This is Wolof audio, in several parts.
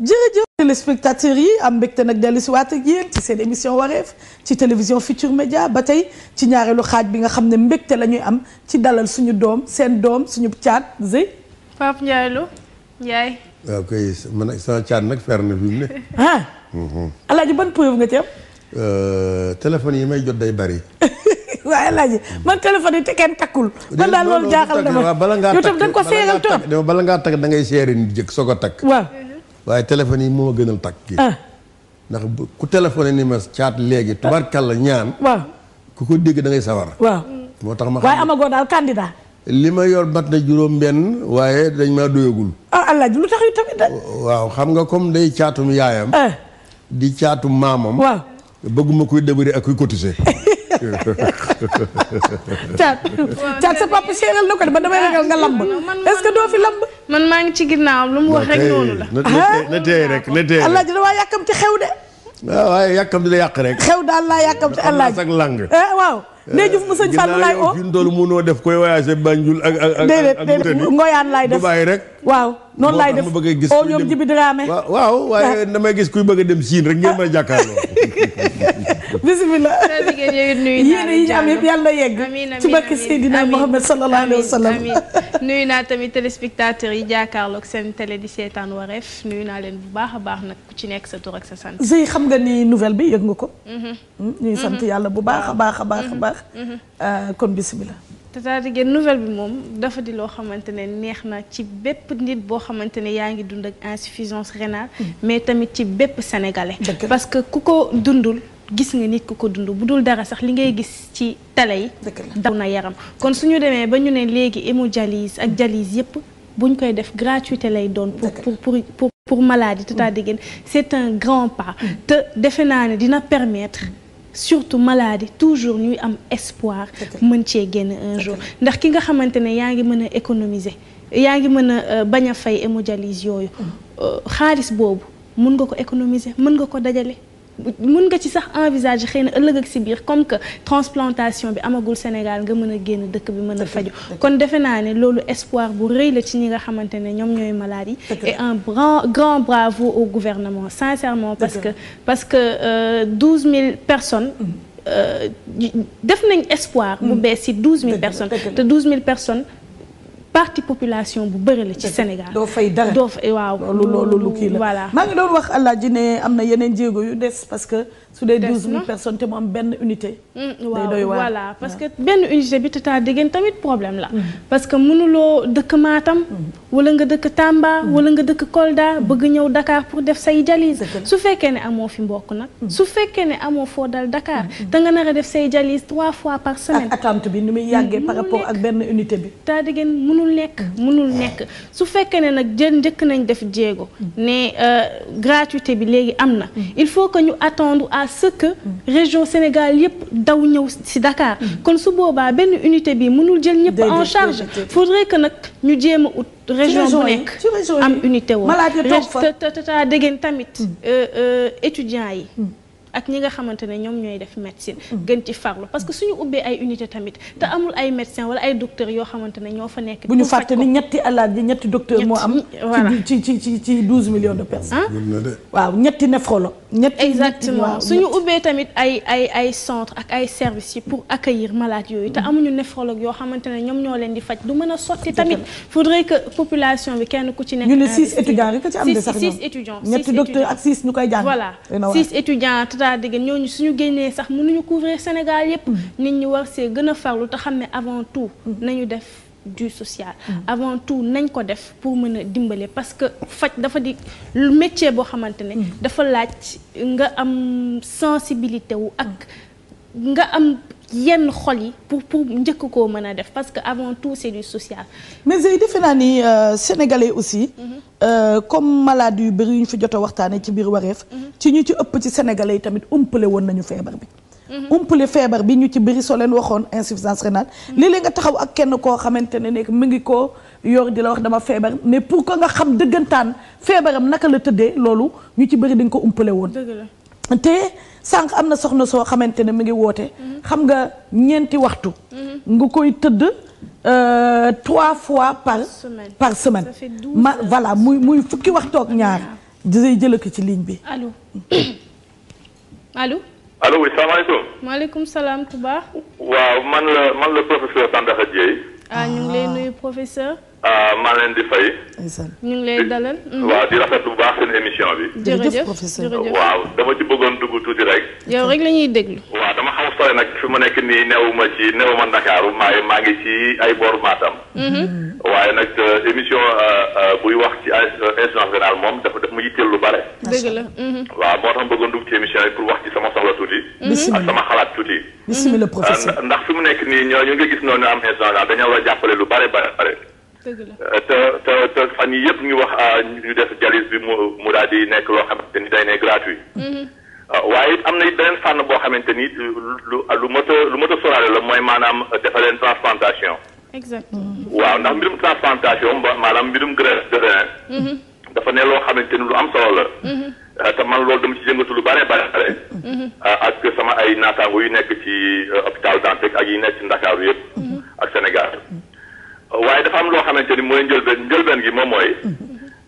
jërëjëf téléspectateurs yi am mbégte nag dellu si waat ak yéen ci seen émission wareef ci télévision Futur Média ba tey ci ñaareelu xaaj bi nga xam ne mbégte la ñuy am ci dalal suñu doom seen doom suñu caan Zey. Pape Ndiaye Lo Ndiaye. waaw man ak sama caat nag fer na fi mu ne. ah. Mhm. alaaji ban preuve nga ci am. Euh, téléphone yi may jot day bari. waaw El Hadj man téléphone yi te kenn takkul. man daal loolu jaaxal na ma yow tam da nga ko seeral trop. bala ngaa takk da ngay seeri nit jëkk soo ko takk. waaw. waaye téléphone yi moo gënal takk kii ah. ndax ku téléphoné ni ma caat léegi tubaarkàlla ñaan waaw ku ko dégg da ngay sawar waaw moo tax ma xam li ma yor mat na juróom waaye dañ maa doyagul ah xam nga comme day caatum yaayam ah. di caatum maamam bëgguma kuy débëri ak kuy cotiser caat caat sa papa seeral na ko de ba damay ragal nga lamb est-ce que doo fi lamb. man maa ngi ci ginnaaw lu mu wax rek noonu la. na tey ah. rek na tey rek. allah ji dama yàkkam ci xew de. waaw ah, waaye yàkkam di la yàq rek. xew daal laa yàkkam ci allah ji ak lang eh, waaw. Ndeye Diouf mu sëñ Fallou laay oo ginnaaw yow munoo def koy voyagé Banjul ak ak ak. déedéet ngoyaan laay rek. waaw noonu laay def bëgg gis oo ñoom Djibi Dramé waaw waaye damay gis kuy bëgg dem Chine rek ngeen bisimilah. yéen yi ñu am yëpp yàlla na yegg. ci barke Seydina Mohamed sallallahu alayhi wa sallam. naa tamit téléspectateurs yi jàkkaarloog seen télé di seetaan Wareef nuyu naa leen bu baax a baax nag ci nekk sa tur ak sa sant. Zey xam nga ni nouvelle bi yëg nga ko. Mhm. Hmm, mhm. yàlla bu baax baax baax mhm. baax. Euh, kon bisimilah. Tata Tiguène nouvelle bi moom dafa di loo xamante ne neex na ci bépp nit boo xamante ne yaa ngi dund ak insuffisance rénale. Mm. mais tamit ci bépp sénégalais. parce que ku ko dundul gis nga nit ku ko dund bu dul dara sax li ngay gis ci télé yi. daw na yaram kon suñu demee ba ñu ne léegi hémodialyse ak dialyse yépp buñ koy def gratuité lay doon. pour pour pour pour, pour maladie Tata Tiguène c'est un grand pas. Mm. te defe naa ne dina permettre. surtout maladie toujours ñuy am espoir mën cee génn un jour ndax ki nga xamante ne yaa ngi mën a économiser yaa ngi mën a euh, bañ a fay hémodialyse yooyu mm. euh, xaalis boobu mën nga ko économiser mën nga ko dajale mun nga ci sax envisage xëy na ëllëg ak si biir comme que transplantation bi amagul Sénégal nga mën a génn dëkk bi mën a faju kon defe naa ne loolu espoir bu rëy la ci ñi nga xamante ne ñoom ñooy malade yi et un grand grand bravo au gouvernement sincèrement parce que parce que euh, douze mille personnes mm-hmm. euh, def nañ espoir bu mm-hmm. bees si douze mille personnes te douze mille personnes partie population bu bëri la ci Sénégal. doo fay dara doo fay waaw. loolu lu kii la voilà. maa ngi doon wax Alaaji ne am na yeneen jéego yu des parce que. su dee douze mille personnes te mu benn unité. Mm, day doy waar parce que benn unité bi tata dégg tamit problème la. Mm-hmm. parce que mënuloo dëkk Matam. Mm-hmm. wala nga dëkk Tamba. Mm-hmm. wala nga dëkk Kolda bëgg ñëw Dakar pour def say dialyse. su fekkee ne amoo fi mbokk nag. su fekkee ne amoo foo dal Dakar. da nga nar a def say dialyse trois fois par semaine. ak attente bi ni muy yàggee par rapport ak benn unité bi. taa dégg mënul nekk mënul nekk su fekkee ne nag jën njëkk nañ def jéego ne euh, gratuité bi léegi am na il faut que ñu attendre à ce que région Sénégal yëpp daw ñëw ci dakaar kon su boobaa benn unité bi mënul jël ñëpp en charge faudrait que nag ñu jéem a ut région bu nekk am unité woon te te ta dégg tamit mm. euh, euh, étudiants yi mm. ak ñi nga xamante ne ñoom ñooy def médecine mhm. gën ci farlu parce que suñu ubbee ay unité tamit te mhm. amul ay médecin wala ay docteurs yoo xamante ne ñoo fa nekk bu ñu fàtte ni ñetti alaaji ñetti docteur moo am ci ci ci ci douze millions de personnes waaw ñetti néphrologue ñett exactement suñu ubbee tamit ay ay ay centre ak ay services yi pour accueillir malades yooyu te mm-hmm. amuñu néphrologue yoo xamante ne ñoom ñoo leen di faj du mën a sotti tamit faudrait que population bi kenn ku ci nekk ñu ne six étudiants rek ci am de sax six étudiants ñetti docteur ak six ñu koy jàng voilà six étudiants tata dégg ñooñu suñu génnee sax mënuñu couvrir Sénégal yépp mm-hmm. nit ñi war see gën a farlu te xam ne avant tout mm-hmm. nañu def du social. Mm-hmm. avant tout nañ ko def pour mën a dimbale parce que faj dafa di métier boo xamante ne. Mm-hmm. dafa laaj nga am sensibilité wu ak mm-hmm. nga am. yenn xol yi pour pour njëkk koo mën a def parce que avant tout c'est du social. mais Zey defe naa ni euh, sénégalais aussi. Euh, comme malade yu bëri yu ñu fi jot a waxtaanee ci biir wareef. ci ñu ci ëpp ci sénégalais yi tamit umpale woon nañu feebar bi. umpale feebar bi ñu ci bëri soo leen waxoon insuffisance rénale lii léeg nga taxaw ak kenn koo xamante ne nekk mu ngi koo yor di la wax dama feebar mais pour ko nga xam dëggantaan feebaram naka la tëddee loolu ñu ci bëri dañ ko umpale woon te sànq am na soxna soo xamante ne mu ngi woote mhm. xam nga ñeenti waxtu mhm. nga koy tëdd Euh, trois fois par semaine. par ma voilà muy muy fukki waxtu ak ñaar ah, disay jëlëk ci ligne bi allo allo oui salaamaaleykum. maaleykum salaam ku baax. waaw man la man la professeur Sandaxa Dieye. ah ñu ngi lay ah. nuyu professeur. ah maa leen di fay. ñu ngi lay dalal. Mhm. waaw di rafet bu baax seen émission bi. jërëjëf professeur waaw a ci bëggoon dugg tuuti rek. yow rek la ñuy déglu. waaw pare nag fi ma nekk nii newuma ci newuma Ndakaaru maa maa ngi ci ay bor Matam. Mm-hmm. waaye nag euh, émission euh, euh, buy wax ci instance pénale moom dafa daf mu yitteel lu bare. dëgg la. Mm-hmm. waaw moo tax bëggoon dugg ci émission yi pour wax ci sama soxla tuuti. ak sama xalaat tuuti. bisimilah ndax fi mu nekk nii ñooñu nga gis noonu am instance pénale dañoo a jàppale lu bare bare bare. dëgg te te te fan yii yëpp ñu wax ñu def jalis bi mu mu daal di nekk loo xamante ni day ne gratuit. Mm-hmm. waaye am na it beneen fànn boo xamante ni lu lu mot lu mot a sóoraale la mooy maanaam dafa leen transplantation. exactement waaw ndax mbirum transplantation maanaam mbirum greffe de rein. Mm-hmm. dafa ne loo xamante ni lu am solo la. Mm-hmm. te man loolu dama ci jëngatu lu bare bare mm-hmm. ah, ak sama ay naataango yu nekk ci euh, hôpital Dantec ak yi nekk ci Ndakaaru yëpp. ak Sénégal waaye dafa am loo xamante ni mooy njëlbeen njëlbeen gi moom mooy.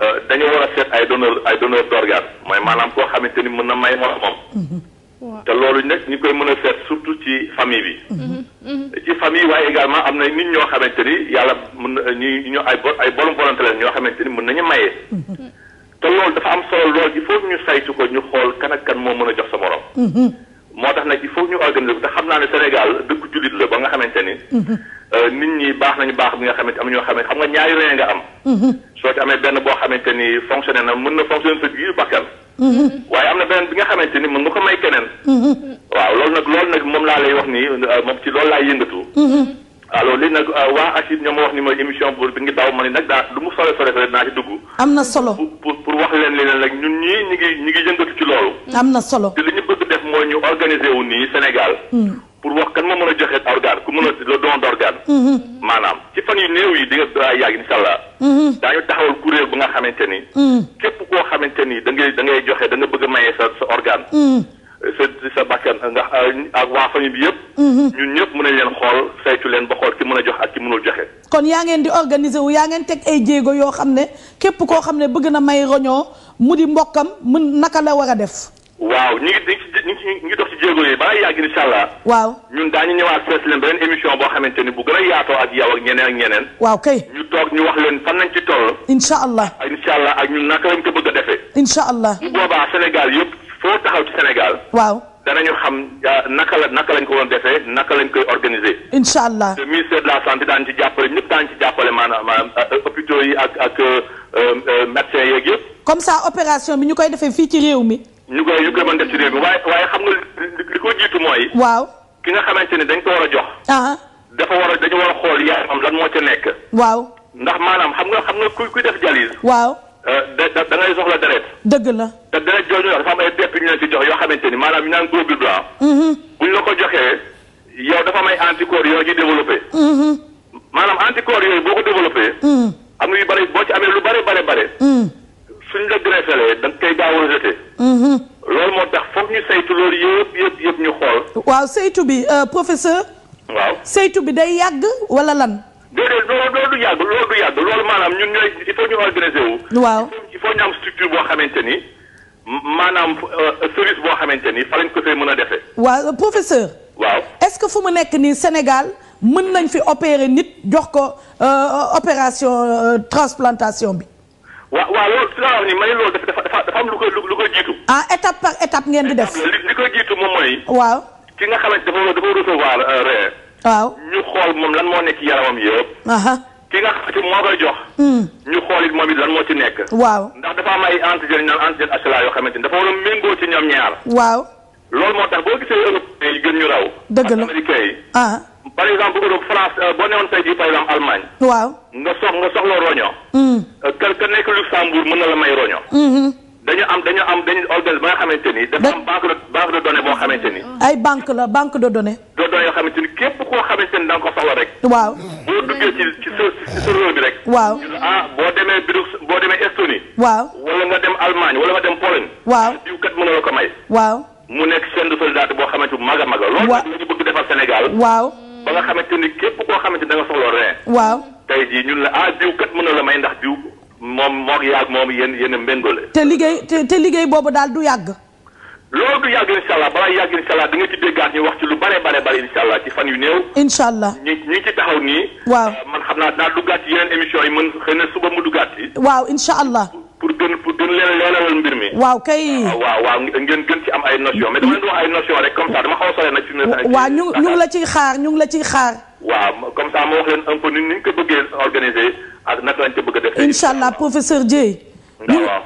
Euh, dañoo war a seet ay donneur ay donneur d'organe mooy maanaam koo xamante ni mën na may moromam. te loolu nag ñu koy mën a seet surtout ci famille bi. Mhm. Mhm. ci famille waaye également am na nit ñoo xamante ni yàlla mën na ñuy ñu ay ay borom volonté leen xamante ni mën nañu maye. Mhm. te loolu dafa am solo lool il faut ñu saytu ko ñu xool kan ak moo mën a jox sa morom. moo tax nag il faut ñu organiser ko te xam naa ne Sénégal dëkk jullit la ba nga xamante ni. Euh, nit ñi baax nañu baax bi nga xamante am ñoo xam ne xam nga ñaari nga am. soo ci amee benn boo xamante ni fonctionné na mën na fonctionné sa biir bakkan mm-hmm. waaye am na beneen bi nga xamante ni mën nga ko may keneen mm-hmm. waaw loolu nag loolu nag moom laa lay wax nii euh, moom ci loolu laay yëngatu mm-hmm. alors lii nag euh, waa ACID ñoo ma wax ni mooy émission pour bi ngi daw ma ni nag daa lu mu sole sole sole naa ci dugg am na solo pour pour wax leen leen nag ñu ñii ñi ngi ñi ngi yëngatu ci loolu am na solo te li ñu bëgg def mooy ñu organiser wu nii Sénégal mm. pour wax kan moo mën a joxe organe ku mën a le don d'organe mm-hmm. maanaam ci fan yu néew yi di nga daa yàgg incha allah mm-hmm. daañu taxawal kuréel bu nga xamante ni mm-hmm. képp koo xamante ni da ngay da ngay joxe danga bëgg a mayee sa sa organe sa sa bakkan nga euh, ak waa famille bi yëpp ñu ñëpp mën nañ leen xool saytu leen ba xool ki mën a jox ak ki mënul joxe kon yaa ngeen di organiser wu yaa ngeen teg ay jéego yoo xam ne képp koo xam ne bëgg na may roñoo mu di mbokkam mu naka la war a def waaw ñu ngi ñu ngi ñu ngi dox ci jéego yi balaa yàgg incha allah. waaw ñun daañu ñëwaat fees leen beneen émission boo xamante ni bu gën a yaatoo ak yow ak ñeneen ak ñeneen. waaw kay ñu toog ñu wax leen fan lañ ci toll. incha allah incha allah ak ñun naka lañ ko bëgg a defee. incha allah bu boobaa Sénégal yëpp foo taxaw ci Sénégal. waaw danañu xam naka la naka lañ ko woon defee naka lañ koy organiser. incha allah te ministère de la santé daan ci jàppale ñëpp daan ci jàppale maanaam euh, euh, hôpitaux yi ak ak euh, médecins yeeg yëpp. comme ça opération bi ñu koy defee fii ci réew mi ñu koy yu koy mën def ci réew mi waaye waaye xam nga li ko jiitu mooy. waaw ki nga xamante ne dañ ko war a jox. Ah. dafa war a dañu war a xool yaramam lan moo ci nekk. waaw ndax maanaam xam nga xam nga kuy kuy def dialyse. waaw euh, da da da ngay soxla deret. dëgg la te deret jooju dafa am ay dépp ñu leen ci jox yoo xamante ni maanaam ñu naan du globule blanc. Mm-hmm. buñ la ko joxee yow dafa am ay anticorps yoo ñuy développé. Mm-hmm. maanaam anticorps yooyu boo ko développé. Mm. am na yu bëri boo ci amee lu bëri bëri bëri. Mm. buñ la da koy a mhm. loolu moo tax foog ñu saytu loolu yëpp yëpp ñu xool. waaw saytu bi euh, professeur. waaw saytu bi day yàgg wala lan. déedéet loolu loolu du yàgg du yàgg loolu maanaam ñun ñooy il faut ñu organiser wu. waaw il faut ñu am structure boo xamante ni maanaam euh, service boo xamante ni fa lañ ko fee mën a defee. waaw euh, professeur. waaw est-ce que fu mu nekk nii Sénégal. mën nañ fi opérer nit jox ko opération transplantation bi. waaw waaw loolu si laa wax ni ma loolu dafa dafa dafa am lu koy lu koy jiitu. ah étape par étape ngeen di def. mooy. waaw ki nga xamante dafa dafa recevoir euh, ree. waaw moom lan moo nekk yaramam yëpp. ki nga xamante moo koy hmm. ñu xool it moom it lan moo ci nekk. waaw ndax dafa am ay antigène ñoom antigène HLA yoo xamante ni dafa war a koo ci ñoom ñaar. waaw loolu moo tax boo gisee européen yi gën ñu raw. dëgg la ak américain yi. Ah. par exemple bu ko France euh, boo newoon tey jii par exemple Allemagne. waaw nga soxla roño. ka mm. euh, nekk Luxembourg mën na la may roño. Mm-hmm. dañu am dañu am dañu organisme ba nga xamante ni. dafa am banque de banque de boo xamante ni. ay banque la banque de données. de données yoo xamante ni képp koo xamante ni da nga ko soxla rek. waaw boo duggee ci ci ci serveur rek. waaw ah, boo demee Brux boo demee Estonie. waaw wala nga dem Allemagne wala nga dem Pologne. waaw diw kat mën na la ko may. waaw mu nekk chaîne de solidarité boo xamante a mag. loolu la ñu nga xamante ni képp koo xamante ni da soxla rein. waaw tey jii ñun la ah diw kat mën na la may ndax diw moom moo yàgg moom yéen yéen a la te liggéey te te liggéey boobu daal du yàgg. loolu du yàgg incha allah balaa yàgg incha allah da nga ci ñu wax ci lu bare bare bare incha allah ci fan yu néew. incha allah ñu ñu ci taxaw nii. waaw uh, man xam naa daal duggaat ci yeneen émission yi mën xëy na suba mu duggaat ci. waaw incha allah. gën leen leeralal mbir mi. waaw kay. waaw waaw ngeen gën ci am ay notion mais dama xaw a sore nag. fi mu ne waaw ñu ñu la ciy xaar ñu ngi la ciy xaar. waaw comme ça moo wax leen un peu ni ñu bëggee organiser ak naka lañ bëgg a def. incha allah professeur Dieye.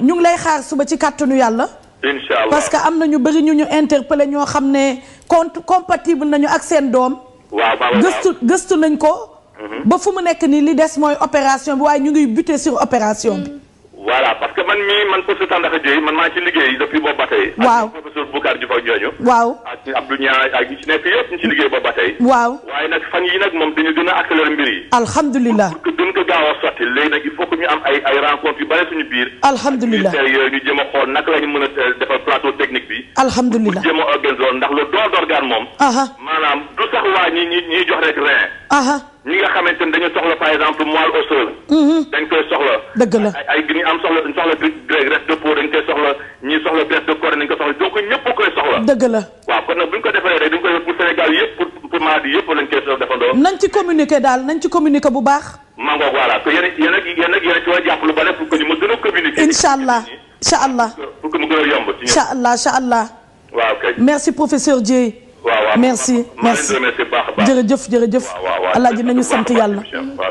ñu ngi lay xaar suba ci kàttanu yàlla. incha parce que am na ñu bëri ñu ñu interpellé ñoo xam ne compte compatible nañu ak seen doom. waaw waaw gëstu gëstu nañ ko. Mhm. ba fu mu nekk nii li des mooy opération bi waaye ñu ngiy buté sur opération bi. Mm. voilà parce que man mii man poste Sandaga Dieye man maa ci liggéey depuis boobu ba tey. waaw ak professeur Boucar Diouf ak ñooñu. waaw ak Abdou Niang ak ñi ci nekk yëpp ñu ci liggéey boobu ba waaw waaye nag fan yi nag moom dañu gën a accélérer mbir yi. alhamdulilah pour a sotti ñu am ay rencontre yu bare suñu biir. alhamdulilah yooyu ñu jéem a xool naka la mën a euh, defal plateau technique bi. alhamdulilah pour jéem a organiser ndax le door d'organe moom. maanaam. waa ñi ñi ñuy jox rek rein. ñi nga xamante ni dañu soxla par exemple moelle osseuse. Mm-hmm. dañ koy soxla. dëgg la ay ay am soxla ñi soxla graisse de dañ koy soxla dëgg la waaw kon nag bu ko defee rek dañ koy def pour Sénégal yëpp pour pour yëpp lañ koy soxla defandoo. nañ ci communiquer daal nañ ci communiquer bu baax. maa ngi ko voilà que yéen a yéen a ci war jàpp lu ba def pour que ñu ma gën a communiquer. allah incha allah pour que merci merci jërëjëf jërëjëf alaaji nañu sant yàlla